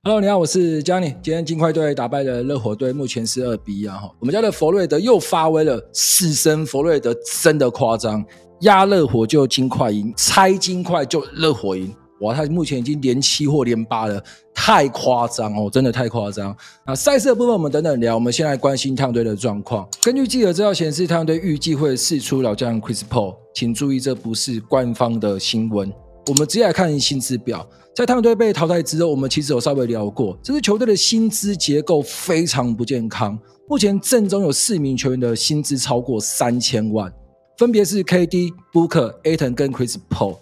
哈嘍，Hello，你好，我是 Johnny。今天金塊隊打敗了熱火隊，目前是二比一哈、啊。我們家的佛瑞德又發威了四，四聲佛瑞德真的誇張，壓熱火就金塊贏，猜金塊就熱火贏。哇，他目前已經連七或連八了，太誇張哦，真的太誇張。那賽事的部分我們等等聊，我們先來關心太陽隊的狀況。根據記者資料顯示，太陽隊預計會釋出老將 Chris Paul，請注意這不是官方的新聞。我們直接來看薪資表，在太陽隊被淘汰之後，我們其實有稍微聊過，這支球隊的薪資結構非常不健康。目前陣中有四名球員的薪資超過三千萬，分別是 KD、布克、Ayton 跟 Chris Paul。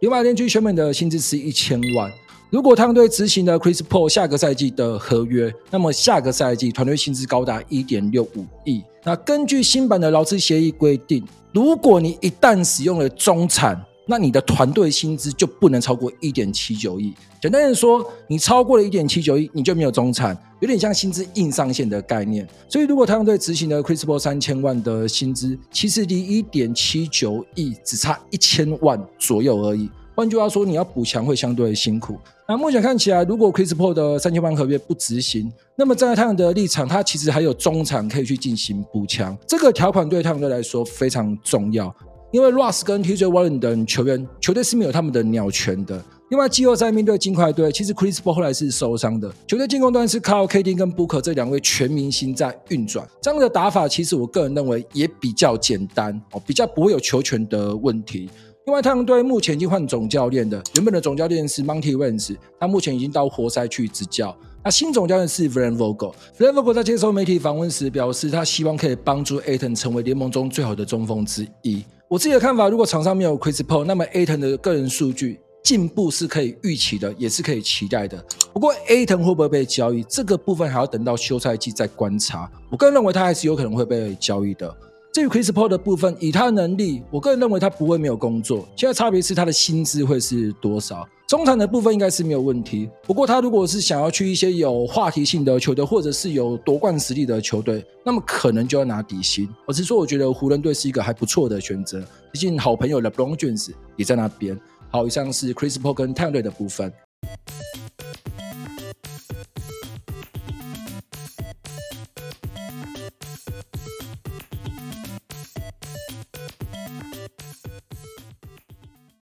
猶馬聯區球員的薪資是一千萬。如果太陽隊執行了 Chris Paul 下個賽季的合約，那麼下個賽季團隊薪資高達一點六五億。那根據新版的勞資協議規定，如果你一旦使用了中產，那你的團隊薪資就不能超過一點七九億。簡單的說，你超過了一點七九億，你就沒有中產，有點像薪資硬上限的概念。所以，如果太陽隊執行的 Chris Paul 三千萬的薪資，其實離一點七九億只差一千萬左右而已。換句話說，你要補強會相對辛苦。那目前看起來，如果 Chris Paul 的三千萬合約不執行，那麼站在太陽的立場，他其實還有中產可以去進行補強。這個條款對太陽隊來說非常重要。因為 r o s s 跟 TJ Warren 等球員球隊是沒有他們的鳥權的。另外，季後賽面對金塊隊，其實 Chris b u l 後來是受傷的。球隊進攻端是靠 KD 跟 Booker 這兩位全明星在運轉。這樣的打法，其實我個人認為也比較簡單哦，比較不會有球權的問題。另外，太陽隊目前已經換總教練的，原本的總教練是 Monty w i l l i s 他目前已經到活塞去執教。那新總教練是 Van Vogel。Van Vogel 在接受媒體訪問時表示，他希望可以幫助 Aton 成為聯盟中最好的中鋒之一。我自己的看法，如果場上沒有 Chris Paul，那麼 Ayton 的個人數據進步是可以預期的，也是可以期待的。不過 Ayton 會不會被交易，這個部分還要等到休賽季再觀察。我個人認為他還是有可能會被交易的。至於 Chris Paul 的部分，以他的能力，我個人認為他不會沒有工作。現在差別是他的薪資會是多少。中產的部分應該是沒有問題。不過他如果是想要去一些有話題性的球隊，或者是有奪冠實力的球隊，那麼可能就要拿底薪。我是說，我覺得湖人隊是一個還不錯的選擇。畢竟好朋友 LeBron James 也在那邊。好，以上是 Chris Paul 跟太陽隊的部分。